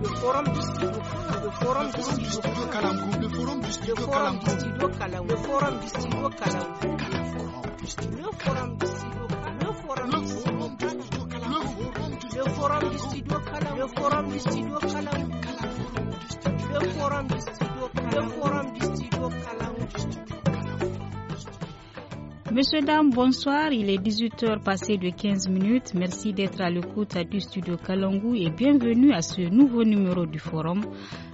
le forum du studio le forum forum forum forum forum forum forum forum forum Monsieur, dames, bonsoir. Il est 18h passé de 15 minutes. Merci d'être à l'écoute du studio Kalangu et bienvenue à ce nouveau numéro du forum.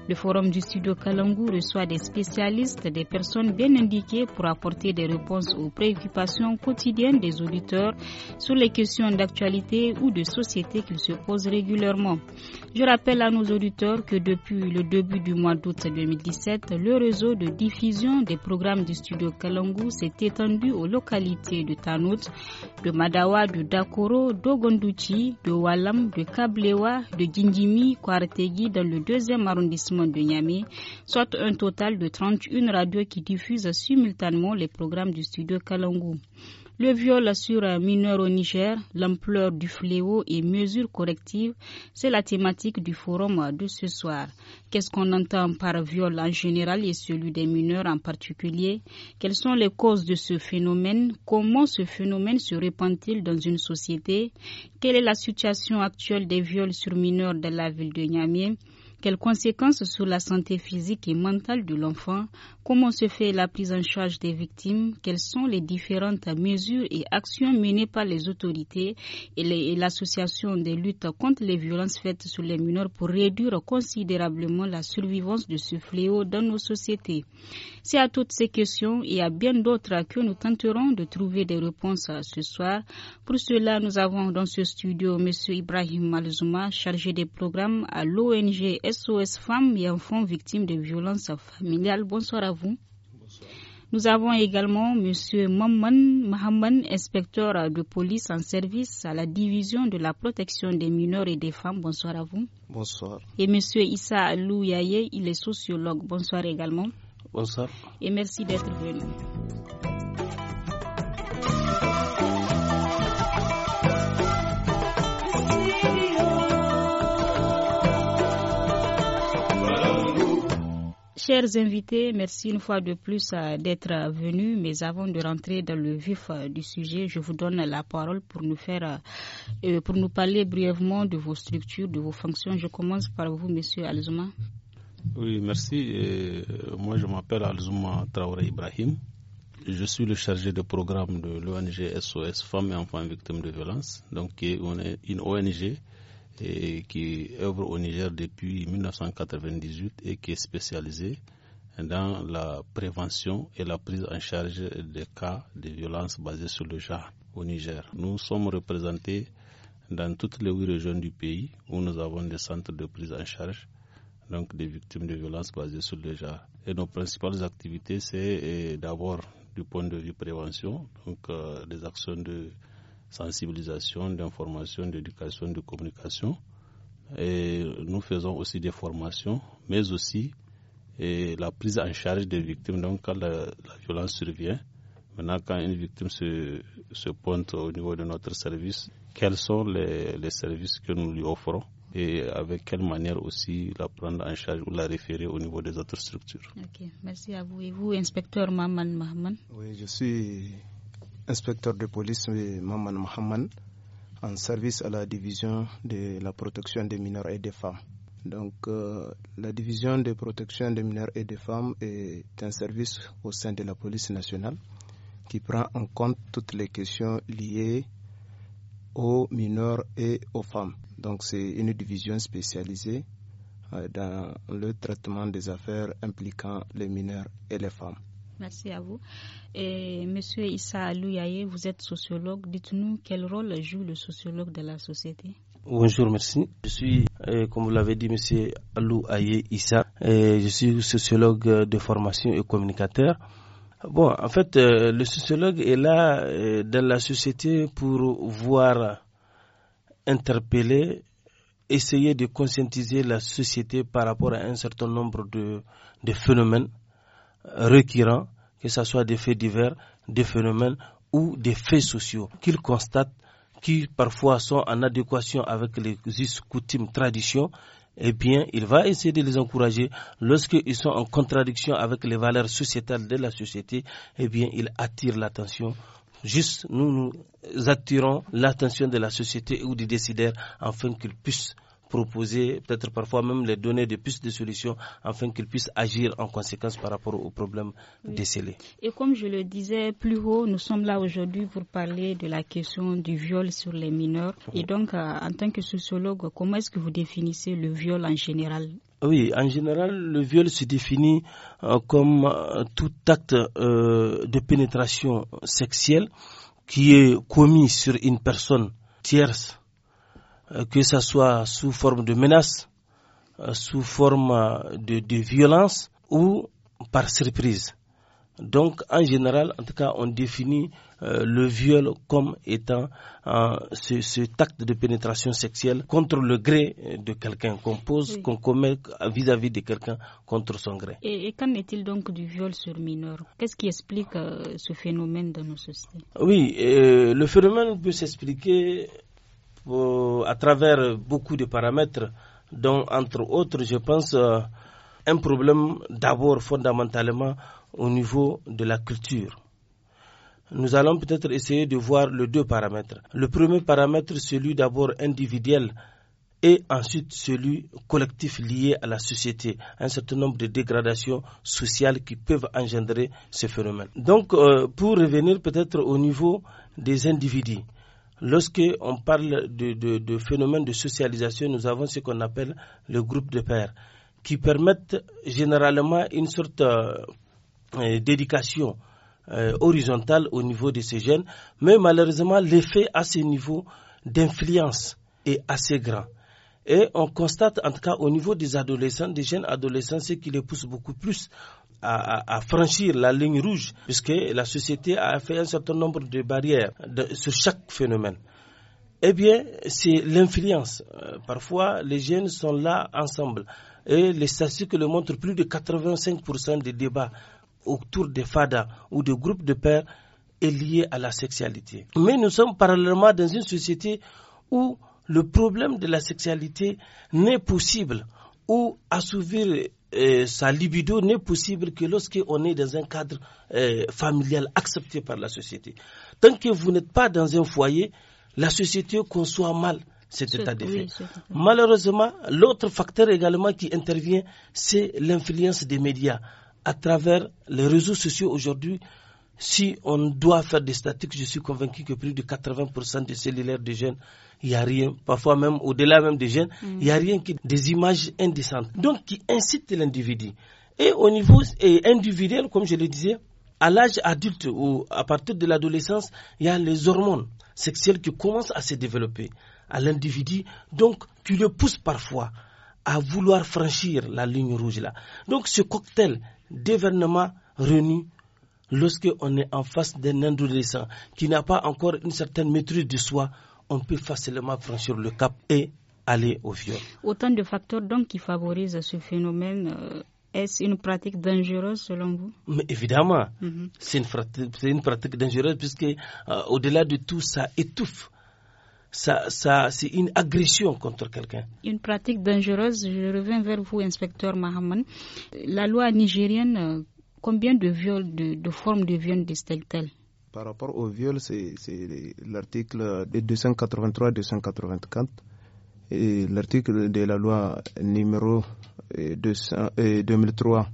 Le forum du studio Kalangu reçoit des spécialistes, des personnes bien indiquées pour apporter des réponses aux préoccupations quotidiennes des auditeurs sur les questions d'actualité ou de société qu'ils se posent régulièrement. Je rappelle à nos auditeurs que depuis le début du mois d'août 2017, le réseau de diffusion des programmes du studio Kalangu s'est étendu aux localités de Tanout, de Madawa, de Dakoro, d'Ogonduchi, de Walam, de Kablewa, de Gindimi, Kwartegi dans le deuxième arrondissement de Niamey, soit un total de 31 radios qui diffusent simultanément les programmes du studio Kalangou. Le viol sur mineurs au Niger, l'ampleur du fléau et mesures correctives, c'est la thématique du forum de ce soir. Qu'est-ce qu'on entend par viol en général et celui des mineurs en particulier Quelles sont les causes de ce phénomène Comment ce phénomène se répand-il dans une société Quelle est la situation actuelle des viols sur mineurs de la ville de Niamey quelles conséquences sur la santé physique et mentale de l'enfant Comment se fait la prise en charge des victimes Quelles sont les différentes mesures et actions menées par les autorités et l'association des luttes contre les violences faites sur les mineurs pour réduire considérablement la survivance de ce fléau dans nos sociétés C'est à toutes ces questions et à bien d'autres que nous tenterons de trouver des réponses ce soir. Pour cela, nous avons dans ce studio M. Ibrahim Malzouma, chargé des programmes à l'ONG SOS Femmes et Enfants Victimes de Violences Familiales. Bonsoir à vous. Nous avons également M. Mamman inspecteur de police en service à la division de la protection des mineurs et des femmes. Bonsoir à vous. Bonsoir. Et M. Issa Louyaye, il est sociologue. Bonsoir également. Bonsoir. Et merci d'être venu. Chers invités, merci une fois de plus euh, d'être venus. Mais avant de rentrer dans le vif euh, du sujet, je vous donne la parole pour nous faire, euh, pour nous parler brièvement de vos structures, de vos fonctions. Je commence par vous, Monsieur Alzuma. Oui, merci. moi, je m'appelle Alzuma Traoré Ibrahim. Je suis le chargé de programme de l'ONG SOS Femmes et Enfants Victimes de Violence. Donc, on est une ONG et qui œuvre au Niger depuis 1998 et qui est spécialisée dans la prévention et la prise en charge des cas de violences basées sur le genre au Niger. Nous sommes représentés dans toutes les huit régions du pays où nous avons des centres de prise en charge donc des victimes de violences basées sur le genre. Et nos principales activités, c'est eh, d'abord du point de vue prévention, donc euh, des actions de sensibilisation, d'information, d'éducation, de communication. Et nous faisons aussi des formations, mais aussi la prise en charge des victimes. Donc, quand la, violence survient, maintenant, quand une victime se, se, pointe au niveau de notre service, quels sont les, les services que nous lui offrons et avec quelle manière aussi la prendre en charge ou la référer au niveau des autres structures. Ok, merci à vous. Et vous, inspecteur Maman Mahman Oui, je suis inspecteur de police Maman Mohamed en service à la division de la protection des mineurs et des femmes. Donc, euh, la division de protection des mineurs et des femmes est un service au sein de la police nationale qui prend en compte toutes les questions liées aux mineurs et aux femmes. Donc, c'est une division spécialisée euh, dans le traitement des affaires impliquant les mineurs et les femmes. Merci à vous. Monsieur Issa Alouaye, vous êtes sociologue. Dites-nous quel rôle joue le sociologue de la société Bonjour, merci. Je suis, euh, comme vous l'avez dit, Monsieur Alou Issa. je suis sociologue de formation et communicateur. Bon, en fait, euh, le sociologue est là euh, dans la société pour voir, interpeller, essayer de conscientiser la société par rapport à un certain nombre de phénomènes requérant, que ce soit des faits divers, des phénomènes ou des faits sociaux qu'ils constatent, qui parfois sont en adéquation avec les us, coutumes, traditions, eh bien, il va essayer de les encourager. Lorsqu'ils sont en contradiction avec les valeurs sociétales de la société, eh bien, il attire l'attention. Juste, nous, nous attirons l'attention de la société ou du décideurs afin qu'ils puissent proposer peut-être parfois même les donner de plus de solutions afin qu'ils puissent agir en conséquence par rapport aux problèmes décelé. Et comme je le disais plus haut, nous sommes là aujourd'hui pour parler de la question du viol sur les mineurs. Et mhm. donc, euh, en tant que sociologue, comment est-ce que vous définissez le viol en général oui, en général, le viol se définit euh, comme euh, tout acte de pénétration sexuelle qui est commis sur une personne tierce euh, que ce soit sous forme de menace, euh, sous forme euh, de, violence ou par surprise. Donc, en général, en tout cas, on définit le viol comme étant ce, cet acte de pénétration sexuelle contre le gré de quelqu'un qu'on pose, qu'on commet vis-à-vis de quelqu'un contre son gré. Et, qu'en est-il donc du viol sur mineur Qu'est-ce qui explique ce phénomène dans nos sociétés Oui, le phénomène peut s'expliquer euh, à travers beaucoup de paramètres, dont entre autres, je pense, euh, un problème d'abord fondamentalement au niveau de la culture. Nous allons peut-être essayer de voir les deux paramètres. Le premier paramètre, celui d'abord individuel, et ensuite celui collectif lié à la société, un certain nombre de dégradations sociales qui peuvent engendrer ce phénomène. Donc, euh, pour revenir peut-être au niveau des individus, Lorsque on parle de, phénomènes de phénomène de socialisation, nous avons ce qu'on appelle le groupe de pairs, qui permettent généralement une sorte euh, euh, d'éducation euh, horizontale au niveau de ces jeunes, mais malheureusement l'effet à ce niveaux d'influence est assez grand. Et on constate, en tout cas, au niveau des adolescents, des jeunes adolescents, ce qui les pousse beaucoup plus à, franchir la ligne rouge, puisque la société a fait un certain nombre de barrières sur chaque phénomène. Eh bien, c'est l'influence. Euh, parfois, les jeunes sont là ensemble. Et les statistiques le montrent, plus de 85% des débats autour des fadas ou des groupes de pères est lié à la sexualité. Mais nous sommes parallèlement dans une société où le problème de la sexualité n'est possible ou assouvir sa libido n'est possible que lorsqu'on est dans un cadre euh, familial accepté par la société. Tant que vous n'êtes pas dans un foyer, la société conçoit mal cet état de fait. Malheureusement, l'autre facteur également qui intervient, c'est l'influence des médias. À travers les réseaux sociaux aujourd'hui, si on doit faire des statistiques, je suis convaincu que plus de 80% des cellulaires des jeunes il n'y a rien. Parfois même au-delà même des jeunes, mm. il n'y a rien que des images indécentes. Donc qui incitent l'individu. Et au niveau individuel, comme je le disais, à l'âge adulte ou à partir de l'adolescence, il y a les hormones sexuelles qui commencent à se développer à l'individu, donc qui le pousse parfois à vouloir franchir la ligne rouge là. Donc ce cocktail d'événements renus, lorsque on est en face d'un adolescent qui n'a pas encore une certaine maîtrise de soi on peut facilement franchir le cap et aller au viol. Autant de facteurs donc qui favorisent ce phénomène. Euh, est-ce une pratique dangereuse selon vous Évidemment, mhm. c'est une, pratique dangereuse puisque euh, au-delà de tout, ça étouffe. Ça, ça, c'est une agression contre quelqu'un. Une pratique dangereuse. Je reviens vers vous, inspecteur Mahaman. La loi nigérienne, euh, combien de viols, de, de formes de viols distingue elles par rapport au viol, c'est l'article de 283-284 et l'article de la loi numéro 2003-25 euh,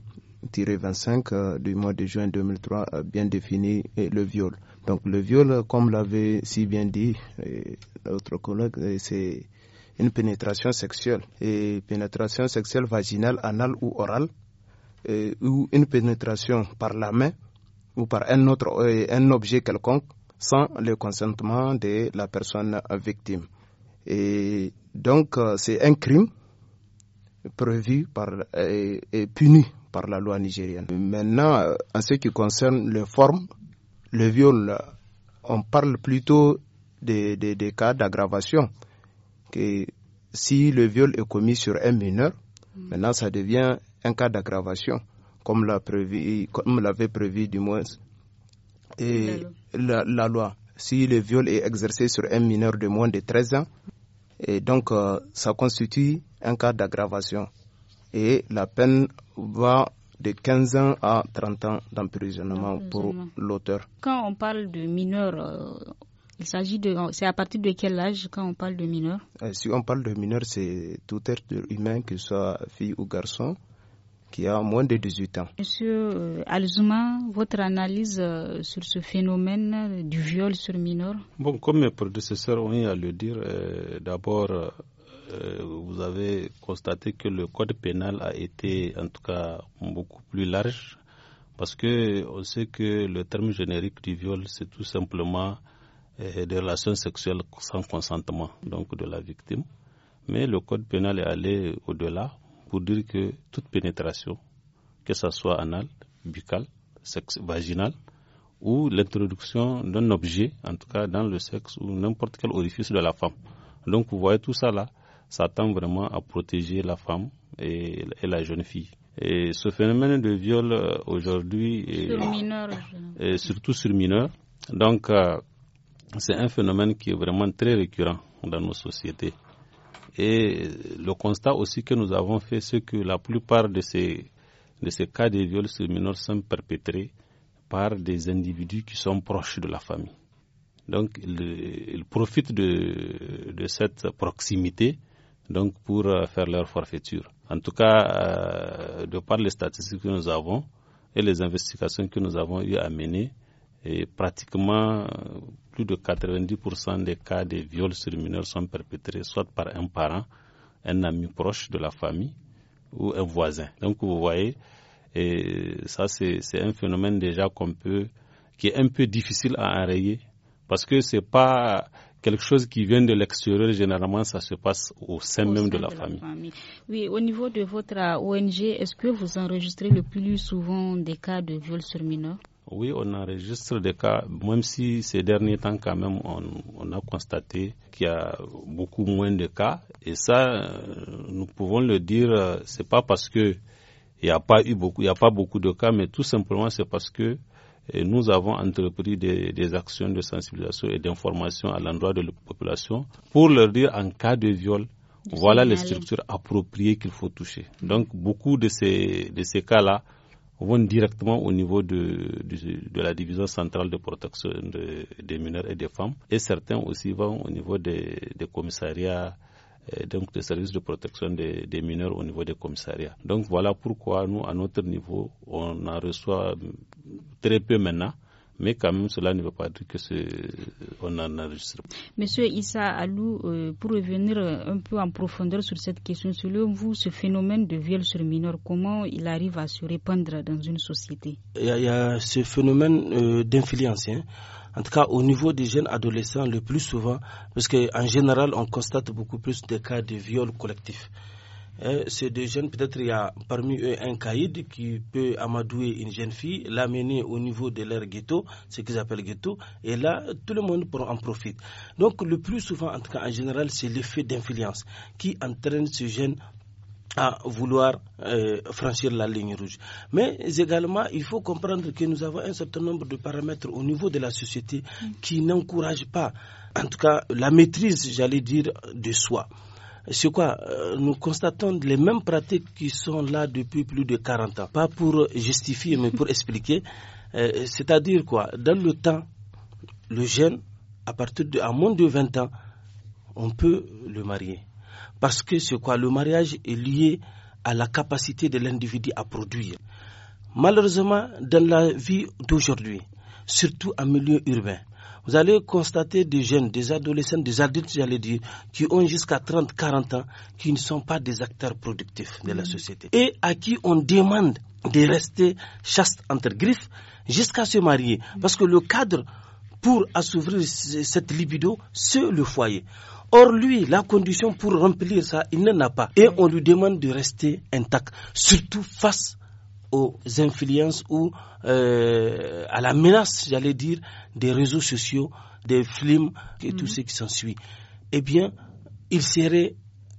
euh, euh, du mois de juin 2003 a bien défini le viol. Donc le viol, comme l'avait si bien dit notre collègue, c'est une pénétration sexuelle et pénétration sexuelle vaginale, anale ou orale ou une pénétration par la main ou par un autre euh, un objet quelconque sans le consentement de la personne victime. Et donc euh, c'est un crime prévu par euh, et, puni par la loi nigérienne. Maintenant, en ce qui concerne les formes, le viol, on parle plutôt des, cas d'aggravation. Que si le viol est commis sur un mineur, mm. maintenant ça devient un cas d'aggravation comme l'avait prévu, du moins et la, loi. Si le viol est exercé sur un mineur de moins de 13 ans, et donc euh, ça constitue un cas d'aggravation. Et la peine va de 15 ans à 30 ans d'emprisonnement pour l'auteur. Quand on parle de mineur, euh, il s'agit de, c'est à partir de quel âge quand on parle de mineur euh, Si on parle de mineur, c'est tout être humain, que soit fille ou garçon qui a moins de 18 ans. Monsieur Alzuma, votre analyse euh, sur ce phénomène du viol sur mineurs Bon, comme mes prédécesseurs ont eu à le dire, euh, d'abord, euh, vous avez constaté que le code pénal a été en tout cas beaucoup plus large parce que on sait que le terme générique du viol, c'est tout simplement des relations sexuelles sans consentement donc de la victime. Mais le code pénal est allé au-delà pour dire que toute pénétration, que ce soit anale, buccale, sexe vaginal, ou l'introduction d'un objet, en tout cas dans le sexe ou n'importe quel orifice de la femme. Donc vous voyez tout ça là, ça tend vraiment à protéger la femme et, la jeune fille. Et ce phénomène de viol euh, aujourd'hui est, surtout sur mineurs. Donc euh, c'est un phénomène qui est vraiment très récurrent dans nos sociétés. Et le constat aussi que nous avons fait, c'est que la plupart de ces, de ces cas de viol sur mineurs sont perpétrés par des individus qui sont proches de la famille. Donc, ils, profitent de, de, cette proximité donc pour euh, faire leur forfaiture. En tout cas, euh, de par les statistiques que nous avons et les investigations que nous avons eu à mener, et pratiquement plus de 90% des cas de viols sur mineurs sont perpétrés soit par un parent, un ami proche de la famille ou un voisin. Donc vous voyez, ça c'est un phénomène déjà qu'on peut, qui est un peu difficile à enrayer parce que ce n'est pas quelque chose qui vient de l'extérieur, généralement, ça se passe au sein même de, la, famille. Oui, au niveau de votre euh, ONG, est-ce que vous enregistrez le plus souvent des cas de viols sur mineurs oui, on enregistre des cas, même si ces derniers temps, quand même, on, a constaté qu'il y a beaucoup moins de cas. Et ça, euh, nous pouvons le dire, euh, c'est pas parce que il n'y a pas eu beaucoup, il a pas beaucoup de cas, mais tout simplement c'est parce que euh, nous avons entrepris des, actions de sensibilisation et d'information à l'endroit de la population pour leur dire en cas de viol, voilà les structures appropriées qu'il faut toucher. Donc beaucoup de ces, de ces cas-là vont directement au niveau de, de, la division centrale de protection des mineurs et des femmes. Et certains aussi vont au niveau des, commissariats euh, donc des services de protection des, des, mineurs au niveau des commissariats. Donc voilà pourquoi nous, à notre niveau, on en reçoit très peu maintenant mais quand même cela ne veut pas dire que on en enregistre. Monsieur Issa Alou, euh, pour revenir un peu en profondeur sur cette question, selon vous, ce phénomène de viol sur mineur, comment il arrive à se répandre dans une société Il y a, ce phénomène euh, d'influence. Hein. en tout cas au niveau des jeunes adolescents le plus souvent, parce qu'en général, on constate beaucoup plus de cas de viol collectif. Hein, c'est deux jeunes, peut-être il y a parmi eux un caïd qui peut amadouer une jeune fille, l'amener au niveau de leur ghetto, ce qu'ils appellent ghetto, et là, tout le monde en profite. Donc, le plus souvent, en tout cas, en général, c'est l'effet d'influence qui entraîne ces jeunes à vouloir euh, franchir la ligne rouge. Mais également, il faut comprendre que nous avons un certain nombre de paramètres au niveau de la société qui n'encouragent pas, en tout cas, la maîtrise, j'allais dire, de soi c'est quoi euh, Nous constatons les mêmes pratiques qui sont là depuis plus de 40 ans. Pas pour justifier, mais pour expliquer. Euh, c'est-à-dire quoi Dans le temps, le jeune, à partir de, à moins de 20 ans, on peut le marier. Parce que c'est quoi Le mariage est lié à la capacité de l'individu à produire. Malheureusement, dans la vie d'aujourd'hui, surtout en milieu urbain, vous allez constater des jeunes, des adolescents, des adultes, j'allais dire, qui ont jusqu'à 30, 40 ans, qui ne sont pas des acteurs productifs de la mm. société et à qui on demande de rester chaste entre griffes jusqu'à se marier. Mm. Parce que le cadre pour assouvir cette libido, c'est le foyer. Or, lui, la condition pour remplir ça, il n'en a pas. Et mm. on lui demande de rester intact, surtout face aux influences ou euh, à la menace, j'allais dire, des réseaux sociaux, des films et tout mm. ce qui s'ensuit. Eh bien, il serait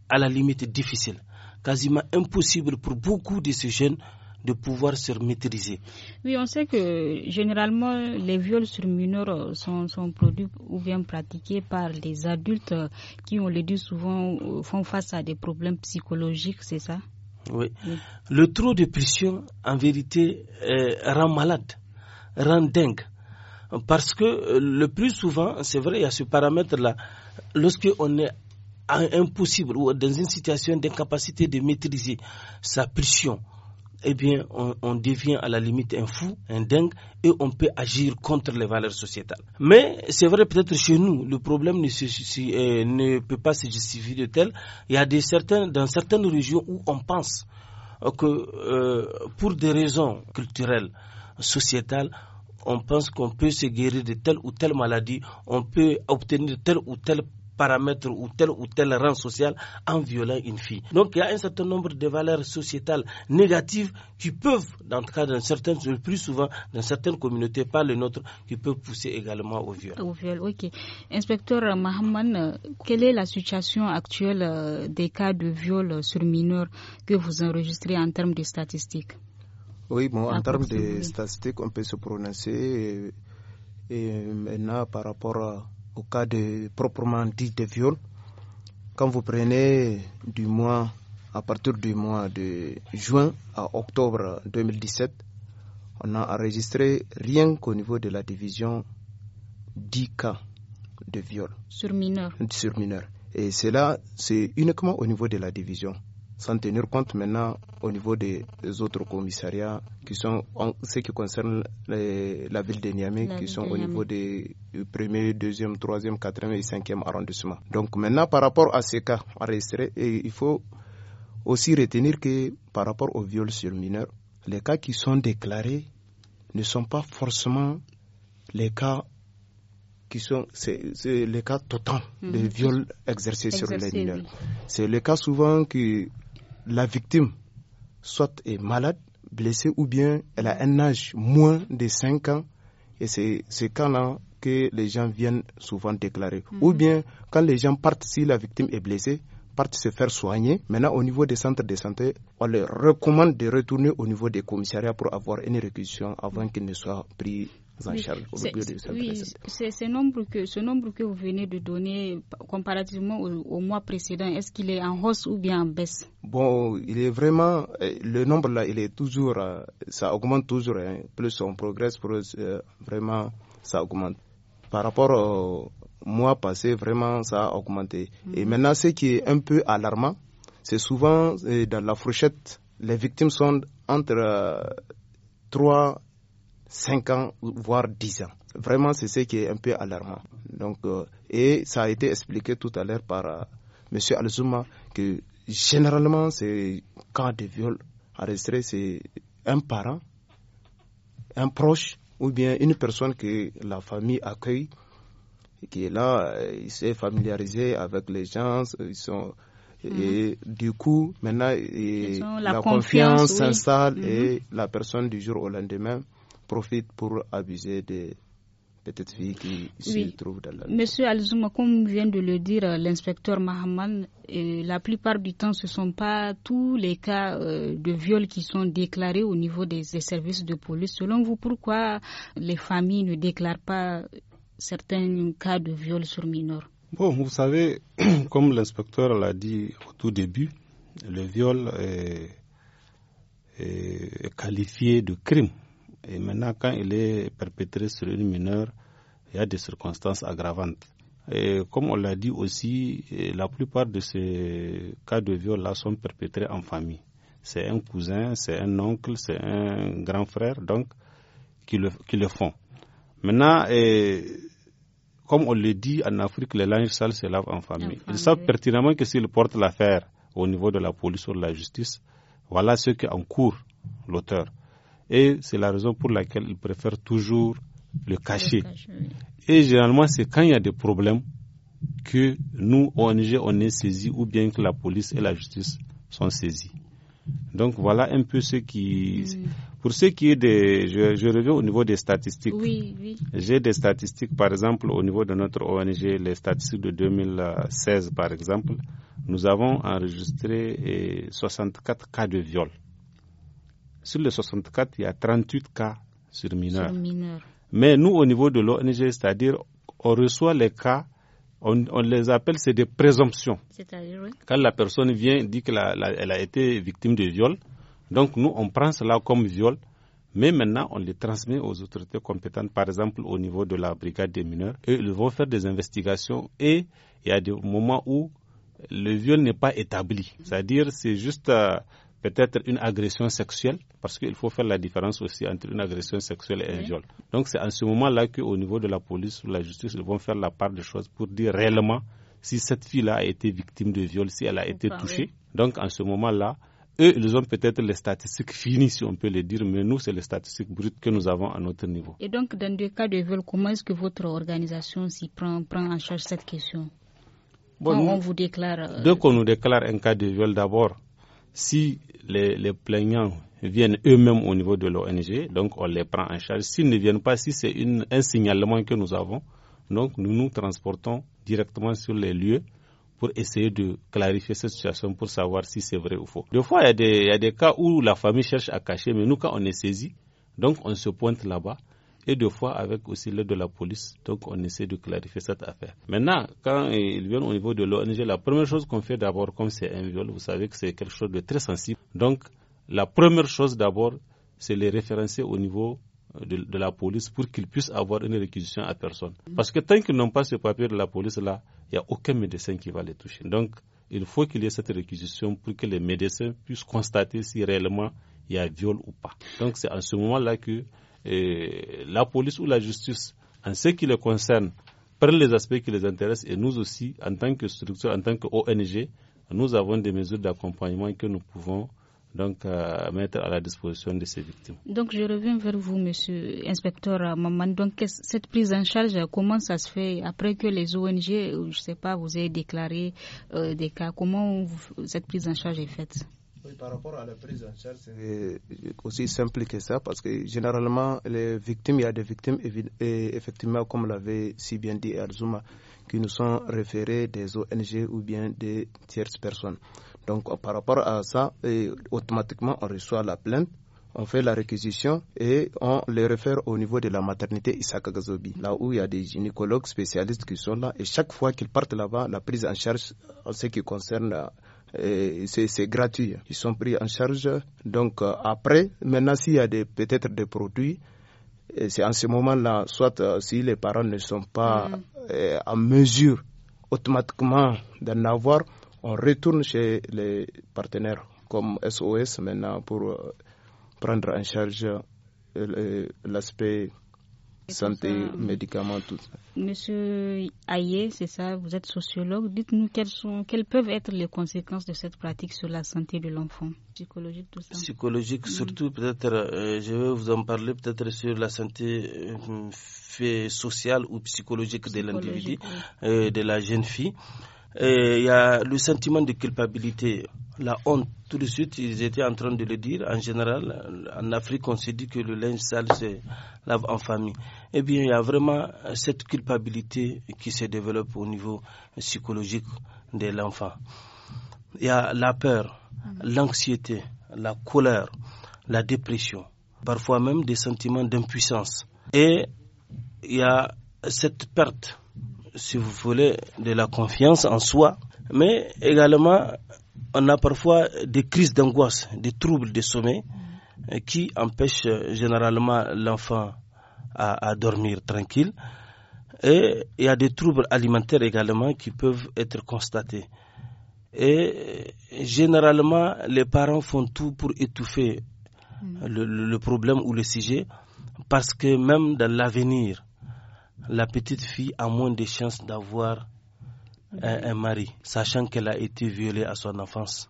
à la limite difficile, quasiment impossible pour beaucoup de ces jeunes de pouvoir se maîtriser. Oui, on sait que généralement les viols sur mineurs euh, sont, sont produits ou bien pratiqués par les adultes euh, qui, on le dit souvent, font face à des problèmes psychologiques, c'est ça oui. Le trop de pression, en vérité, euh, rend malade, rend dingue. Parce que euh, le plus souvent, c'est vrai, il y a ce paramètre-là. Lorsqu'on est impossible ou dans une situation d'incapacité de maîtriser sa pression, eh bien, on, devient à la limite un fou, un dingue, et on peut agir contre les valeurs sociétales. Mais c'est vrai, peut-être chez nous, le problème ne, euh, ne peut pas se justifier de tel. Il y a des certains, dans certaines régions où on pense euh, que euh, pour des raisons culturelles, sociétales, on pense qu'on peut se guérir de telle ou telle maladie, on peut obtenir telle ou telle paramètre ou tel ou tel rang social en violant une fille. Donc il y a un certain nombre de valeurs sociétales négatives qui peuvent, dans le cas d'un certain, plus souvent, dans certaines communautés, pas le nôtre, qui peuvent pousser également au viol. Inspecteur Mahaman, euh, quelle est la situation actuelle euh, des cas de viol sur mineurs que vous enregistrez en termes de statistiques Oui, bon, en ah, termes de statistiques, on peut se prononcer. Euh, et maintenant, par rapport à au cas de proprement dit de viol, quand vous prenez du mois à partir du mois de juin à octobre 2017, on a enregistré rien qu'au niveau de la division 10 cas de viol. Sur mineur. Sur mineur. Et cela, c'est uniquement au niveau de la division sans tenir compte maintenant au niveau des autres commissariats qui sont en ce qui concerne la ville de Niamey, qui sont au niveau des premiers, deuxième troisième quatrième et cinquième arrondissements. Donc maintenant par rapport à ces cas enregistrés, il faut aussi retenir que par rapport aux viols sur mineurs, les cas qui sont déclarés ne sont pas forcément les cas qui sont c'est, les cas totaux de mhm. viols exercés, sur les mineurs. C'est le cas souvent qui la victime soit est malade, blessée ou bien elle a un âge moins de 5 ans et c'est ce cas-là que les gens viennent souvent déclarer. Mhm. Ou bien quand les gens partent, si la victime est blessée, partent se faire soigner. Maintenant, au niveau des centres de santé, on leur recommande de retourner au niveau des commissariats pour avoir une réquisition avant qu'ils ne soient pris en Oui, c'est ce nombre que ce nombre que vous venez de donner comparativement au, mois précédent, est-ce qu'il est en hausse ou bien en baisse Bon, il est vraiment eh, le nombre là, il est toujours euh, ça augmente toujours hein. plus on progresse euh, vraiment ça augmente. Par rapport au mois passé, vraiment ça a augmenté. Et mhm. maintenant ce qui est un peu alarmant, c'est souvent eh, dans la fourchette les victimes sont entre 3 euh, 5 ans, voire 10 ans. Vraiment, c'est ce qui est un peu alarmant. Donc, euh, et ça a été expliqué tout à l'heure par euh, monsieur M. Alzuma que généralement, ces cas de viol enregistrés, c'est un parent, un proche ou bien une personne que la famille accueille, qui est là, euh, il s'est familiarisé avec les gens, ils sont. Mhm. Et du coup, maintenant, la, confiance s'installe et mhm. la personne du jour au lendemain profite pour abuser des petites filles qui se trouvent dans la Monsieur Alzouma, comme vient de le dire euh, l'inspecteur Mahaman, euh, la plupart du temps, ce ne sont pas tous les cas euh, de viol qui sont déclarés au niveau des, services de police. Selon vous, pourquoi les familles ne déclarent pas certains cas de viol sur mineurs Bon, vous savez, comme l'inspecteur l'a dit au tout début, le viol est qualifié de crime et maintenant, quand il est perpétré sur une mineure, il y a des circonstances aggravantes. Et comme on l'a dit aussi, la plupart de ces cas de viol-là sont perpétrés en famille. C'est un cousin, c'est un oncle, c'est un grand frère, donc, qui le, qui le font. Maintenant, comme on le dit en Afrique, les linges sales se lavent en famille. Ils savent pertinemment que s'ils portent l'affaire au niveau de la police ou de la justice, voilà ce qui encourt l'auteur. Et c'est la raison pour laquelle ils préfèrent toujours le cacher. Et généralement, c'est quand il y a des problèmes que nous, ONG, on est saisis ou bien que la police et la justice sont saisis. Donc voilà un peu ce qui... Pour ce qui est des... Je, je reviens au niveau des statistiques. Oui, oui. J'ai des statistiques, par exemple, au niveau de notre ONG, les statistiques de 2016, par exemple. Nous avons enregistré 64 eh, cas de viol sur les 64, il y a 38 cas sur mineurs. Mais nous, au niveau de l'ONG, c'est-à-dire, on reçoit les cas, on, les appelle, c'est des présomptions. C'est-à-dire, Quand la personne vient, dit qu'elle a, a, été victime de viol, donc nous, on prend cela comme viol, mais maintenant, on les transmet aux autorités compétentes, par exemple, au niveau de la brigade des mineurs, et ils vont faire des investigations, et il y a des moments où le viol n'est pas établi. C'est-à-dire, c'est juste. Euh, peut-être une agression sexuelle, parce qu'il faut faire la différence aussi entre une agression sexuelle et un viol. Donc c'est en ce moment-là qu'au niveau de la police ou de la justice, ils vont faire la part des choses pour dire réellement si cette fille-là a été victime de viol, si elle a été touchée. Donc en ce moment-là, eux, ils ont peut-être les statistiques finies, si on peut le dire, mais nous, c'est les statistiques brutes que nous avons à notre niveau. Et donc, dans des cas de viol, comment est-ce que votre organisation s'y prend, prend en charge cette question Comment on vous déclare. Euh, Dès qu'on nous déclare un cas de viol, d'abord, si les, plaignants viennent eux-mêmes au niveau de l'ONG, donc on les prend en charge. S'ils ne viennent pas, si c'est un signalement que nous avons, donc nous nous transportons directement sur les lieux pour essayer de clarifier cette situation pour savoir si c'est vrai ou faux. Des fois, il y, a des, il y, a des, cas où la famille cherche à cacher, mais nous, quand on est saisi, donc on se pointe là-bas et deux fois avec aussi l'aide de la police. Donc on essaie de clarifier cette affaire. Maintenant, quand euh, ils viennent au niveau de l'ONG, la première chose qu'on fait d'abord, comme c'est un viol, vous savez que c'est quelque chose de très sensible. Donc la première chose d'abord, c'est les référencer au niveau euh, de, la police pour qu'ils puissent avoir une réquisition à personne. Parce que tant qu'ils n'ont pas ce papier de la police là, il n'y a aucun médecin qui va les toucher. Donc il faut qu'il y ait cette réquisition pour que les médecins puissent constater si réellement il y a viol ou pas. Donc c'est à ce moment-là que et la police ou la justice en ce qui les concerne prennent les aspects qui les intéressent et nous aussi, en tant que structure, en tant qu'ONG, nous avons des mesures d'accompagnement que nous pouvons donc euh, mettre à la disposition de ces victimes. Donc je reviens vers vous, Monsieur Inspecteur Maman. Donc cette prise en charge, comment ça se fait après que les ONG, je ne sais pas, vous aient déclaré euh, des cas Comment cette prise en charge est faite oui, par rapport à la prise en charge, c'est aussi simple que ça, parce que généralement, les victimes, il y a des victimes, et effectivement, comme l'avait si bien dit Arzuma, qui nous sont référées des ONG ou bien des tierces personnes. Donc, par rapport à ça, automatiquement, on reçoit la plainte on fait la réquisition et on les réfère au niveau de la maternité Isaac Gazobi, là où il y a des gynécologues spécialistes qui sont là. Et chaque fois qu'ils partent là-bas, la prise en charge en ce qui concerne c'est gratuit. Ils sont pris en charge. Donc euh, après, maintenant s'il y a peut-être des produits, c'est en ce moment-là, soit euh, si les parents ne sont pas mm. euh, en mesure automatiquement d'en avoir, on retourne chez les partenaires comme SOS maintenant pour prendre en charge l'aspect santé, médicaments, tout ça. Monsieur Ayé, c'est ça, vous êtes sociologue. Dites-nous quelles, peuvent être les conséquences de cette pratique sur la santé de l'enfant Psychologique, tout ça Psychologique, mm. surtout, peut-être, euh, je vais vous en parler peut-être sur la santé euh, fait sociale ou psychologique, de l'individu, euh, de la jeune fille. Il y a le sentiment de culpabilité la honte tout de suite, ils étaient en train de le dire. En général, en Afrique, on se dit que le linge sale se lave en famille. Eh bien, il y a vraiment cette culpabilité qui se développe au niveau psychologique de l'enfant. Il y a la peur, l'anxiété, la colère, la dépression, parfois même des sentiments d'impuissance. Et il y a cette perte, si vous voulez, de la confiance en soi, mais également on a parfois des crises d'angoisse, des troubles de sommeil euh, qui empêchent euh, généralement l'enfant à, dormir tranquille. Et il y a des troubles alimentaires également qui peuvent être constatés. Et euh, généralement, les parents font tout pour étouffer mm. le, problème ou le sujet parce que même dans l'avenir, la petite fille a moins de chances d'avoir un, mari, sachant qu'elle a été violée à son enfance.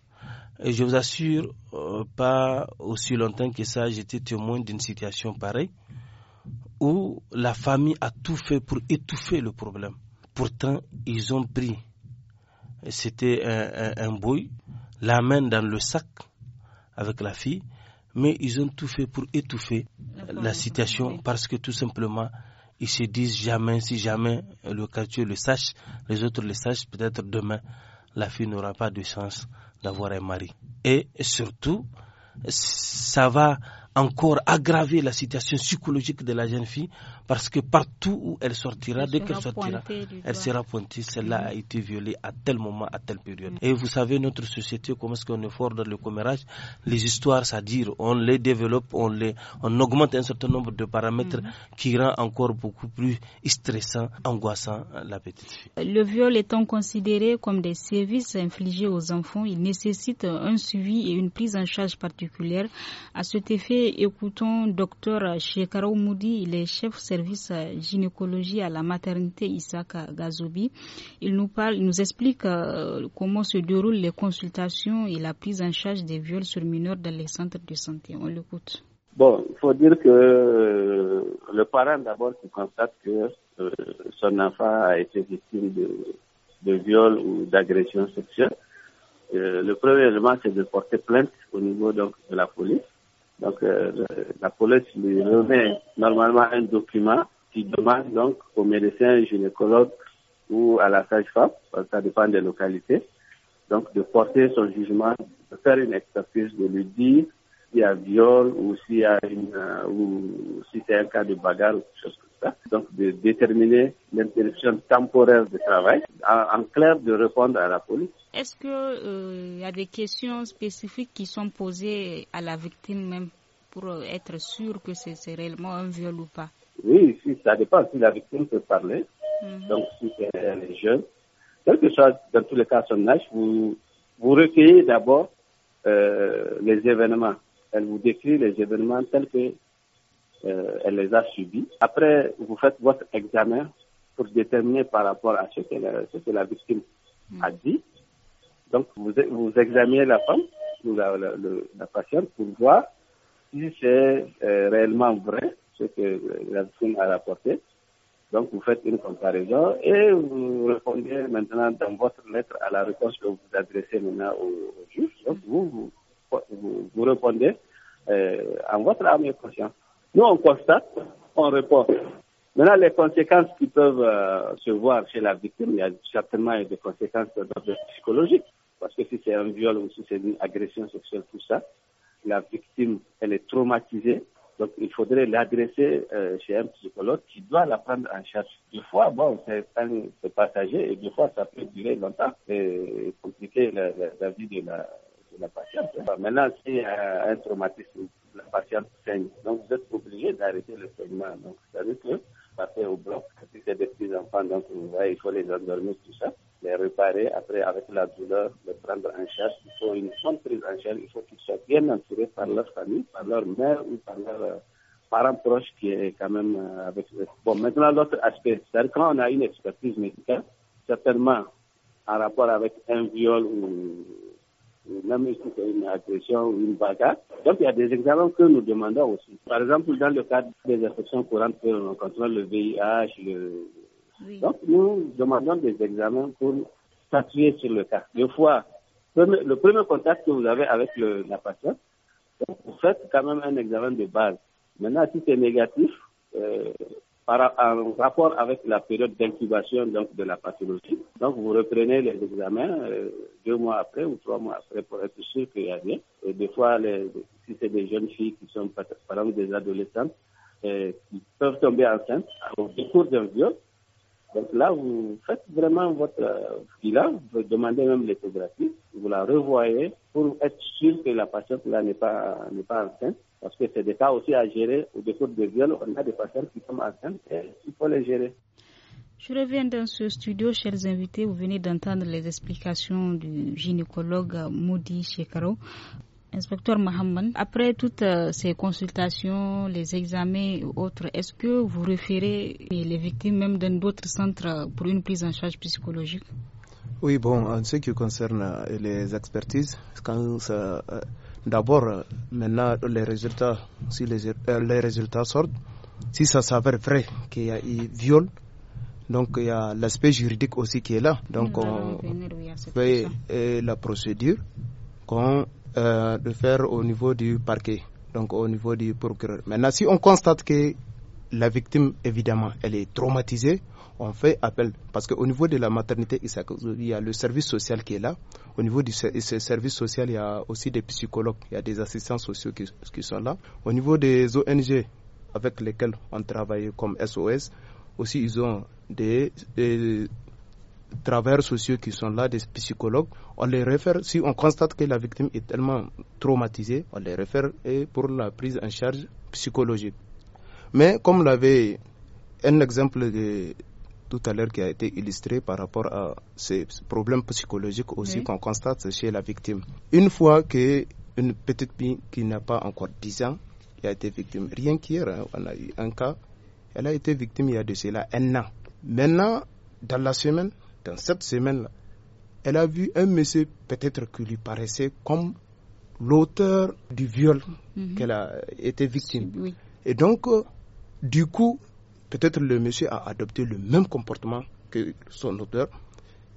Et je vous assure, euh, pas aussi longtemps que ça, j'étais témoin d'une situation pareille où la famille a tout fait pour étouffer le problème. Pourtant, ils ont pris, c'était un, un, la main dans le sac avec la fille, mais ils ont tout fait pour étouffer la situation parce que tout simplement, ils se disent jamais, si jamais le quartier le sache, les autres le sachent, peut-être demain, la fille n'aura pas de chance d'avoir un mari. Et surtout, ça va encore aggraver la situation psychologique de la jeune fille parce que partout où elle sortira, dès qu'elle sortira, elle sera pointée. Celle-là mm. a été violée à tel moment, à telle période. Mm. Et vous savez, notre société, comment est-ce qu'on est fort dans le commérage Les histoires, c'est-à-dire, on les développe, on les, on augmente un certain nombre de paramètres mm. qui rend encore beaucoup plus stressant, angoissant euh, la petite fille. Le viol étant considéré comme des services infligés aux enfants, il nécessite un suivi et une prise en charge particulière. À cet effet, écoutons docteur Shekarou Moudi, il est chef service gynécologie à la maternité Isaka Gazoubi Il nous parle, nous explique euh, comment se déroulent les consultations et la prise en charge des viols sur mineurs dans les centres de santé. On l'écoute. Bon, il faut dire que euh, le parent d'abord qui constate que euh, son enfant a été victime de, viol ou d'agression sexuelle. le premier élément, c'est de porter plainte au niveau donc de la police. Donc, euh, la police lui remet normalement un document qui demande donc au médecin, gynécologue ou à la sage-femme, ça dépend des localités, donc de porter son jugement, de faire une expertise, de lui dire s'il y a viol ou s'il y une, euh, ou si c'est un cas de bagarre ou quelque chose donc, de déterminer l'interruption temporaire de travail, en, clair, de répondre à la police. Est-ce qu'il euh, y a des questions spécifiques qui sont posées à la victime même pour euh, être sûr que c'est réellement un viol ou pas Oui, ça dépend si la victime peut parler. Mhm. Donc, si elle est jeune, quel que soit, dans tous les cas, son âge, vous, vous recueillez d'abord euh, les événements. Elle vous décrit les événements tels que euh, elle les a subies. Après, vous faites votre examen pour déterminer par rapport à ce que, la, que la victime a mm. dit. Donc, vous, vous examinez la femme ou la, la, patiente pour voir si c'est euh, réellement vrai ce que la victime a rapporté. Donc, vous faites une comparaison et vous répondez maintenant dans votre lettre à la réponse que vous adressez maintenant au, au juge. Donc, vous, vous, vous, répondez euh, en votre âme et conscience. Nous, on constate, on répond. Maintenant, les conséquences qui peuvent euh, se voir chez la victime, il y a certainement des conséquences psychologiques. psychologique. Parce que si c'est un viol ou si c'est une agression sexuelle, tout ça, la victime, elle est traumatisée. Donc, il faudrait l'adresser euh, chez un psychologue qui doit la prendre en charge. Des fois, bon, c'est passager et des fois, ça peut durer longtemps et compliquer la, la, vie de la, de la patiente. Maintenant, c'est un traumatisme donc, vous êtes obligé d'arrêter le traitement Donc, c'est-à-dire que passer au bloc. Si c'est des petits enfants, donc il faut les endormir, tout ça, les réparer. Après, avec la douleur, les prendre en charge. Il faut une bonne prise en charge. Il faut qu'ils soient bien entourés par leur famille, par leur mère ou par leur euh, parent parents proches qui est quand même euh, avec eux. Bon, maintenant, l'autre aspect, cest quand on a une expertise médicale, certainement en rapport avec un viol ou même une agression ou une bagarre. Donc il y a des examens que nous demandons aussi. Par exemple, dans le cadre des infections courantes que contrôle, le VIH, le... Donc nous demandons des examens pour s'appuyer sur le cas. Deux fois, le premier contact que vous avez avec la patiente, vous faites quand même un examen de base. Maintenant, si c'est négatif, euh, par, en rapport avec la période d'incubation donc de la pathologie. Donc vous reprenez les examens euh, deux mois après ou trois mois après pour être sûr qu'il y a bien. Et des fois, les, si c'est des jeunes filles qui sont par exemple des adolescentes euh, qui peuvent tomber enceintes au cours d'un viol, donc là, vous faites vraiment votre euh, bilan, vous demandez même l'échographie, vous la revoyez pour être sûr que la patiente là n'est pas n'est pas enceinte. Parce que c'est des cas aussi à gérer, ou des fautes de viol, on a des personnes qui sont atteintes et il faut les gérer. Je reviens dans ce studio, chers invités. Vous venez d'entendre les explications du gynécologue Moudi Shekaro. Inspecteur Mohamed, après toutes euh, ces consultations, les examens et autres, est-ce que vous référez les victimes même d'un autre centre pour une prise en charge psychologique Oui, bon, en ce qui concerne euh, les expertises, quand ça, euh, D'abord, euh, maintenant, les résultats, si euh, les, résultats sortent, si ça s'avère vrai qu'il y a eu viol, donc il y a l'aspect juridique aussi qui est là. Donc on fait euh, la procédure qu'on euh, de faire au niveau du parquet, donc au niveau du procureur. Maintenant, si on constate que la victime, évidemment, elle est traumatisée, on fait appel. Parce qu'au niveau de la maternité, il y a le service social qui est là. Au niveau du service social, il y a aussi des psychologues, il y a des assistants sociaux qui, sont là. Au niveau des ONG avec lesquelles on travaille comme SOS, aussi ils ont des, des travailleurs sociaux qui sont là, des psychologues, on les réfère, si on constate que la victime est tellement traumatisée, on les réfère pour la prise en charge psychologique. Mais comme l'avait un exemple de, tout à l'heure qui a été illustré par rapport à ces problèmes psychologiques aussi qu'on constate chez la victime. Une fois que une petite fille qui n'a pas encore 10 ans qui a été victime, rien qu'hier, hein, on a eu un cas, elle a été victime il y a de cela un an. Maintenant, dans la semaine, dans cette semaine-là, elle a vu un monsieur peut-être qui lui paraissait comme l'auteur du viol mhm. qu'elle a été victime. Et donc, euh, du coup, Peut-être le monsieur a adopté le même comportement que son auteur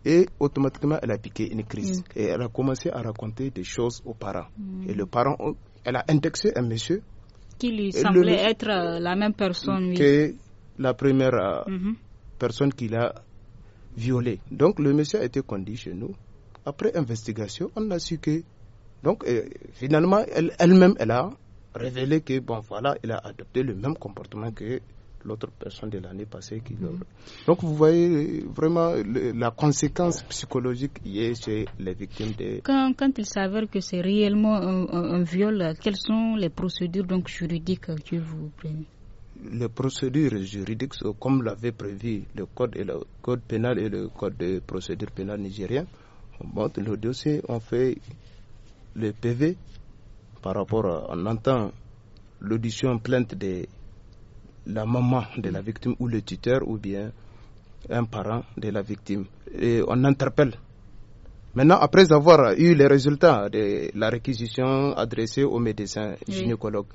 et automatiquement elle a piqué une crise. Mm. Et elle a commencé à raconter des choses aux parents. Mm. Et le parent, elle a indexé un monsieur qui lui semblait être euh, la même personne que la première euh, mm-hmm. personne qu'il a violée. Donc le monsieur a été conduit chez nous. Après investigation, on a su que donc euh, finalement elle-même elle, a révélé que bon voilà, il a adopté le même comportement que l'autre personne de l'année passée. Qui... Mhm. Donc vous voyez vraiment la conséquence psychologique y est chez les victimes. Des... Quand, quand il s'avère que c'est réellement un, viol, quelles sont les procédures donc, juridiques que vous prenez les procédures juridiques, comme l'avait prévu le code, et le code pénal et le code de procédure pénale nigérien, on monte le dossier, on fait le PV par rapport à, on entend l'audition plainte des la maman de la victime ou le tuteur ou bien un parent de la victime. Et on interpelle. Maintenant, après avoir eu les résultats de la réquisition adressée au médecin gynécologue,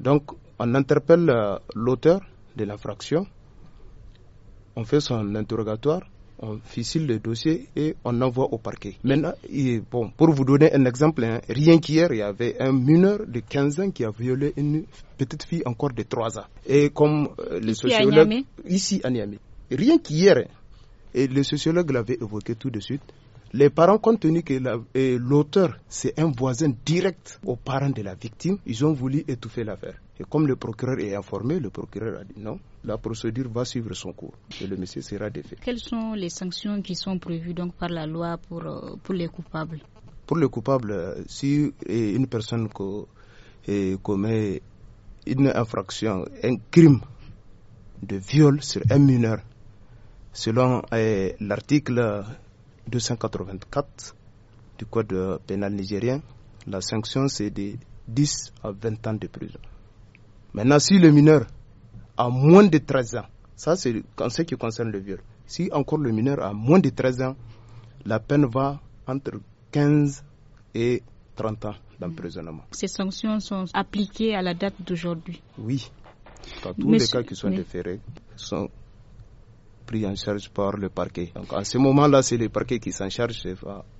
donc on interpelle euh, l'auteur de l'infraction, on fait son interrogatoire, on euh, ficile le dossier et on envoie au parquet. Maintenant, bon, pour vous donner un exemple, hein, rien qu'hier, il y avait un mineur de 15 ans qui a violé une petite fille encore de 3 ans. Et comme euh, les sociologues... À ici à Niamey. Rien qu'hier, hein. et le sociologue l'avait évoqué tout de suite, les parents, compte tenu que l'auteur, c'est un voisin direct aux parents de la victime, ils ont voulu étouffer l'affaire. Et comme le procureur est informé, le procureur a dit non, la procédure va suivre son cours et le monsieur sera défait. Quelles sont les sanctions qui sont prévues donc par la loi pour, euh, pour les coupables Pour les coupables, euh, si euh, une personne commet une infraction, un crime de viol sur un mineur, selon l'article 284 du Code pénal nigérien, la sanction c'est de 10 à 20 ans de prison. Maintenant, si le mineur à moins de 13 ans, ça c'est ce qui concerne le viol. Si encore le mineur a moins de 13 ans, la peine va entre 15 et 30 ans d'emprisonnement. Ces sanctions sont appliquées à la date d'aujourd'hui Oui. Dans tous les cas qui sont déférés, sont pris en charge par le parquet. Donc à ce moment-là, c'est le parquet qui s'en charge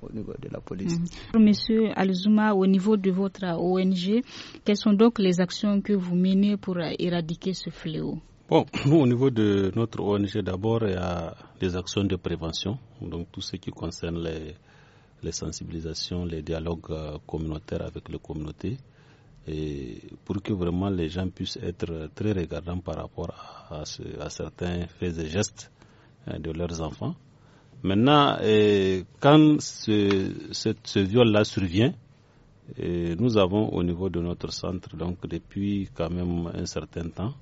au niveau de la police. Mm-hmm. Monsieur Alzuma, au niveau de votre ONG, quelles sont donc les actions que vous menez pour éradiquer ce fléau au niveau de notre ONG, d'abord, il y a des actions de prévention, donc tout ce qui concerne les, sensibilisations, les dialogues euh, communautaires avec les communautés, et pour que vraiment les gens puissent être très regardants par rapport à, à certains faits et gestes euh, de leurs enfants. Maintenant, euh, quand ce, ce viol-là survient, euh, nous avons au niveau de notre centre, donc depuis quand même un certain temps,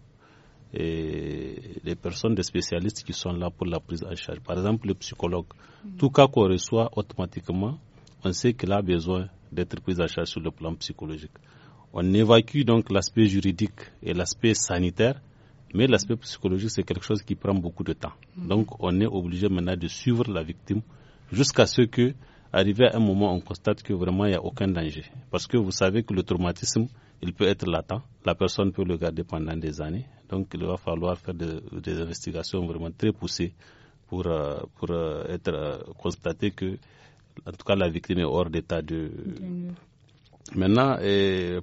des personnes, des spécialistes qui sont là pour la prise en charge. Par exemple, le psychologue. Mm. Tout cas qu'on reçoit automatiquement, on sait qu'il a besoin d'être pris en charge sur le plan psychologique. On évacue donc l'aspect juridique et l'aspect sanitaire mais l'aspect psychologique, c'est quelque chose qui prend beaucoup de temps. Mm-hmm. Donc, on est obligé maintenant de suivre la victime jusqu'à ce que, arrivé à un moment, on constate que vraiment, il n'y a aucun danger. Parce que vous savez que le traumatisme, il peut être latent. La personne peut le garder pendant des années. Donc, il va falloir faire des investigations vraiment très poussées pour, euh, euh, euh, constater pour être constaté que, en tout cas, la victime est hors d'état de. Maintenant,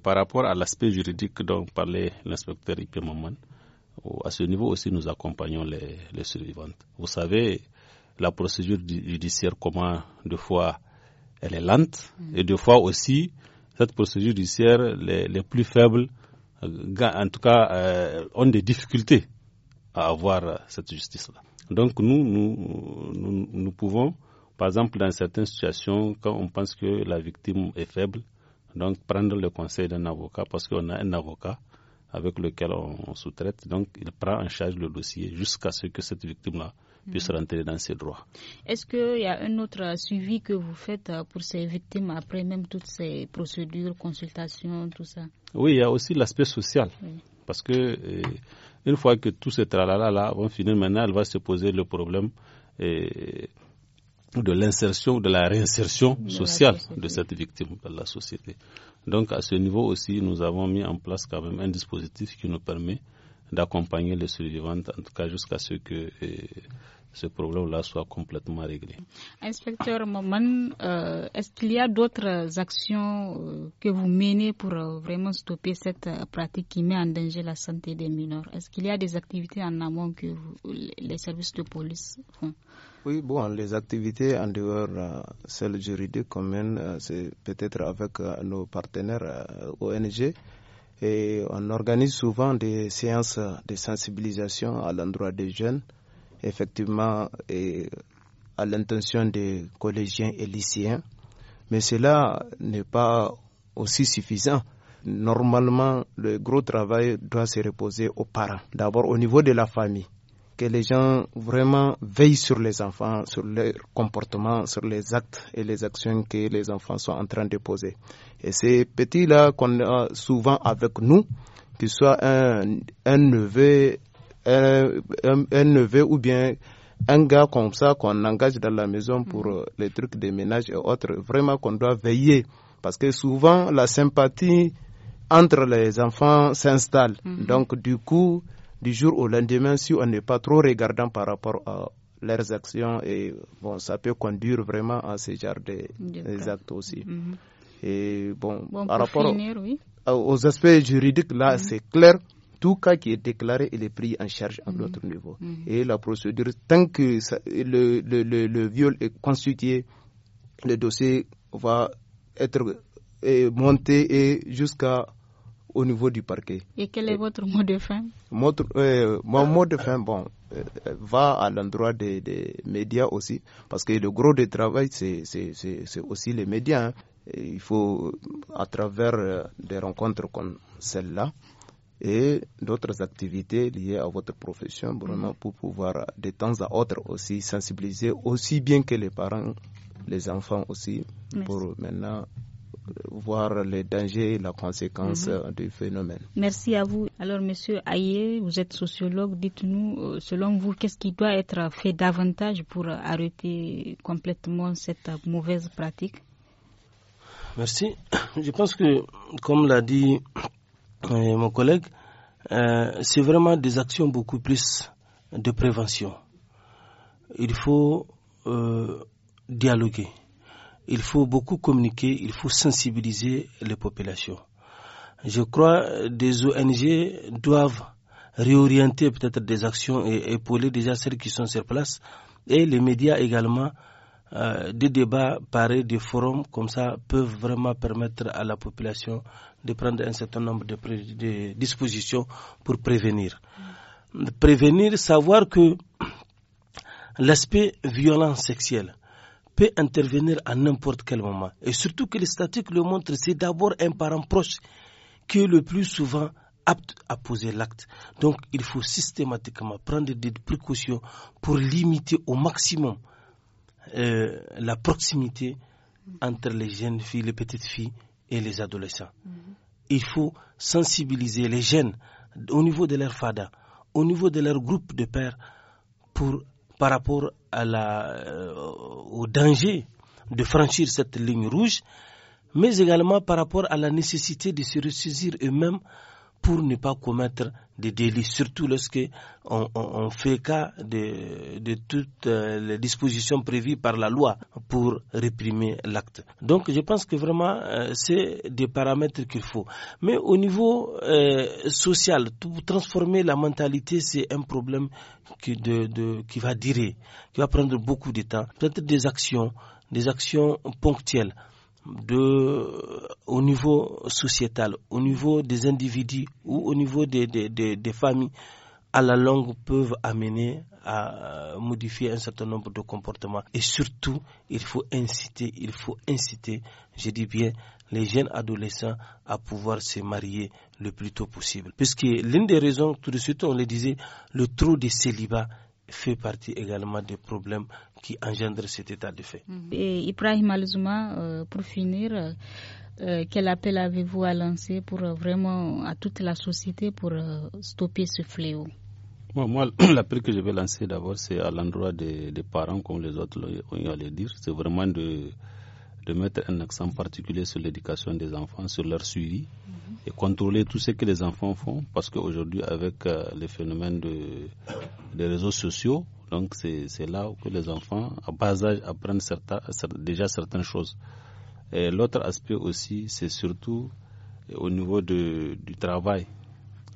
par rapport à l'aspect juridique dont parlait l'inspecteur Ipemaman, à ce niveau aussi, nous accompagnons les, survivantes. Vous savez, la procédure judiciaire, comment deux fois elle est lente, mm. et deux fois aussi, cette procédure judiciaire, les, plus faibles, euh, en tout cas, euh, ont des difficultés à avoir euh, cette justice-là. Donc nous, nous, pouvons, par exemple, dans certaines situations, quand on pense que la victime est faible, donc prendre le conseil d'un avocat parce qu'on a un avocat avec lequel on, se traite Donc, il prend en charge le dossier jusqu'à ce que cette victime-là puisse mhm. rentrer dans ses droits. Est-ce qu'il y a un autre suivi que vous faites euh, pour ces victimes après même toutes ces procédures, consultations, tout ça Oui, il y a aussi l'aspect social. Parce que euh, une fois que tout ce tralala-là va finir, maintenant, elle va se poser le problème euh, de l'insertion, de la réinsertion sociale de cette victime dans la société. Donc à ce niveau aussi, nous avons mis en place quand même un dispositif qui nous permet d'accompagner les survivantes, en tout cas jusqu'à ce que eh, ce problème-là soit complètement réglé. Inspecteur Maman, euh, est-ce qu'il y a d'autres actions euh, que vous menez pour euh, vraiment stopper cette pratique qui met en danger la santé des mineurs Est-ce qu'il y a des activités en amont que les services de police font Oui, bon, les activités en dehors celles juridiques communes, c'est peut-être avec nos partenaires ONG. Et on organise souvent des séances de sensibilisation à l'endroit des jeunes effectivement à l'intention des collégiens et lycéens. Mais cela n'est pas aussi suffisant. Normalement, le gros travail doit se reposer aux parents. D'abord au niveau de la famille, que les gens vraiment veillent sur les enfants, sur leur comportement, sur les actes et les actions que les enfants sont en train de poser. Et ces petits-là qu'on a souvent avec nous, qu'ils soient un, un neveu, un, neveu ou bien un gars comme ça qu'on engage dans la maison mm. pour euh, les trucs des ménages et autres, vraiment qu'on doit veiller. Parce que souvent, la sympathie entre les enfants s'installe. Mm-hmm. Donc, du coup, du jour au lendemain, si on n'est pas trop regardant par rapport à leurs actions, et bon, ça peut conduire vraiment à ce genre d'actes aussi. Mm-hmm. Et bon, par rapport aux aspects juridiques, là, mm-hmm. c'est clair tout cas qui est déclaré, il est pris en charge à notre mhm. niveau. Mhm. Et la procédure, tant que le, viol est constitué, le dossier va être monté et jusqu'à au niveau du parquet. Et quel est votre mot de fin euh, mon, mot de fin, bon, euh, va à l'endroit des, médias aussi, parce que le gros du travail, c'est aussi les médias. Hein. Il faut, à travers euh, des rencontres comme celle-là, et d'autres activités liées à votre profession, mhm. pour pouvoir de temps à autre aussi sensibiliser aussi bien que les parents, les enfants aussi, pour maintenant euh, voir les dangers et la conséquence mhm. euh, du phénomène. Merci à vous. Alors, monsieur Aye, vous êtes sociologue. Dites-nous, euh, selon vous, qu'est-ce qui doit être fait davantage pour arrêter complètement cette mauvaise pratique Merci. Je pense que, comme l'a dit mon collègue, euh, c'est vraiment des actions beaucoup plus de prévention. Il faut euh, dialoguer, il faut beaucoup communiquer, il faut sensibiliser les populations. Je crois que des ONG doivent réorienter peut-être des actions et épauler déjà celles qui sont sur place et les médias également euh, des débats parés, des forums comme ça peuvent vraiment permettre à la population de prendre un certain nombre de, dispositions pour prévenir. Prévenir, savoir que l'aspect violence sexuelle peut intervenir à n'importe quel moment. Et surtout que les statistiques le montrent, c'est d'abord un parent proche qui est le plus souvent apte à poser l'acte. Donc il faut systématiquement prendre des précautions pour limiter au maximum euh, la proximité entre les jeunes filles, les petites filles et les adolescents. Mhm. Il faut sensibiliser les jeunes au niveau de leur fada, au niveau de leur groupe de pères, pour, par rapport à la, euh, au danger de franchir cette ligne rouge, mais également par rapport à la nécessité de se ressaisir eux-mêmes pour ne pas commettre des délits, surtout lorsque on, fait cas de, toutes euh, les dispositions prévues par la loi pour réprimer l'acte. Donc je pense que vraiment euh, c'est des paramètres qu'il faut. Mais au niveau euh, social, transformer la mentalité, c'est un problème qui, qui va durer, qui va prendre beaucoup de temps, peut-être des actions, des actions ponctuelles de, au niveau sociétal, au niveau des individus ou au niveau des, des, des, familles, à la longue peuvent amener à euh, modifier un certain nombre de comportements. Et surtout, il faut inciter, il faut inciter, je dis bien, les jeunes adolescents à pouvoir se marier le plus tôt possible. Puisque l'une des raisons, tout de suite, on le disait, le trou de célibat, fait partie également des problèmes qui engendrent cet état de fait. Mhm. Et Ibrahim Alzouma, euh, pour finir, euh, euh, quel appel avez-vous à lancer pour vraiment à toute la société pour stopper ce fléau moi, l'appel que je vais lancer d'abord, c'est à l'endroit des, parents, comme les autres ont à le dire, c'est vraiment de, de mettre un accent particulier sur l'éducation des enfants, sur leur suivi mhm. et contrôler tout ce que les enfants font parce qu'aujourd'hui avec euh, les phénomènes de, des réseaux sociaux, donc c'est là que les enfants à bas âge apprennent certains, déjà certaines choses. Et l'autre aspect aussi, c'est surtout au niveau de, du travail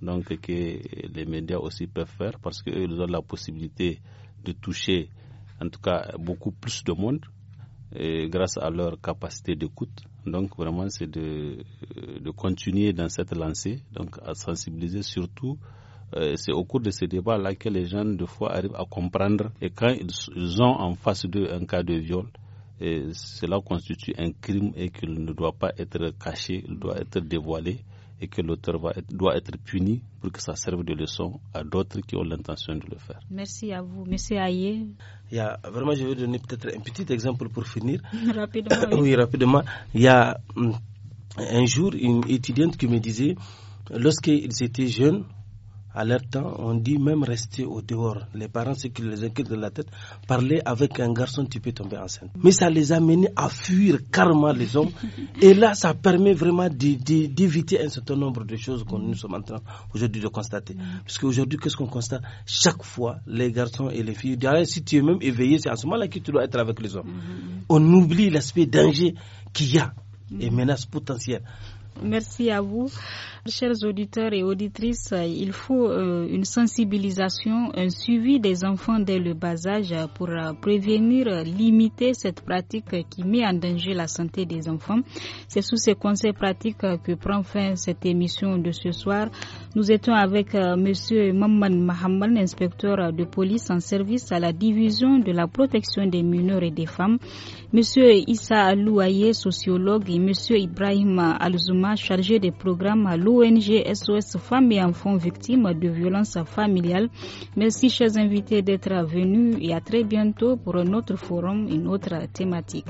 donc que les médias aussi peuvent faire parce qu'ils ont la possibilité de toucher en tout cas beaucoup plus de monde grâce à leur capacité d'écoute. Donc vraiment, c'est de, euh, de, continuer dans cette lancée, donc à sensibiliser surtout. Euh, c'est au cours de ces débats-là que les jeunes, de fois, arrivent à comprendre. Et quand ils ont en face d'eux un cas de viol, et cela constitue un crime et qu'il ne doit pas être caché, il doit être dévoilé et que l'auteur doit être puni pour que ça serve de leçon à d'autres qui ont l'intention de le faire. Merci à vous. Monsieur à Il y vraiment, je vais donner peut-être un petit exemple pour finir. rapidement. Oui. oui. rapidement. Il y a hum, un jour une étudiante qui me disait, lorsqu'ils étaient jeunes, à leur temps, on dit même rester au dehors. Les parents, ceux qui les inquiètent de la tête, parler avec un garçon, tu peux tomber enceinte. Mais ça les a menés à fuir carrément les hommes. Et là, ça permet vraiment d'éviter un certain nombre de choses qu'on nous sommes en train aujourd'hui de constater. Parce qu'aujourd'hui, qu'est-ce qu'on constate Chaque fois, les garçons et les filles, derrière, si tu es même éveillé, c'est à ce moment-là que tu dois être avec les hommes. Mm-hmm. On oublie l'aspect danger qu'il y a et menace potentielle. Merci à vous. Chers auditeurs et auditrices, il faut euh, une sensibilisation, un suivi des enfants dès le bas âge pour euh, prévenir, limiter cette pratique qui met en danger la santé des enfants. C'est sous ces conseils pratiques que prend fin cette émission de ce soir. Nous étions avec euh, Monsieur Mamman Mahamman, inspecteur de police en service à la division de la protection des mineurs et des femmes. Monsieur Issa Alouaye, sociologue, et Monsieur Ibrahim Alzouma, chargé des programmes à l'ONG SOS Femmes et Enfants Victimes de Violences Familiales. Merci, chers invités, d'être venus et à très bientôt pour un autre forum, une autre thématique.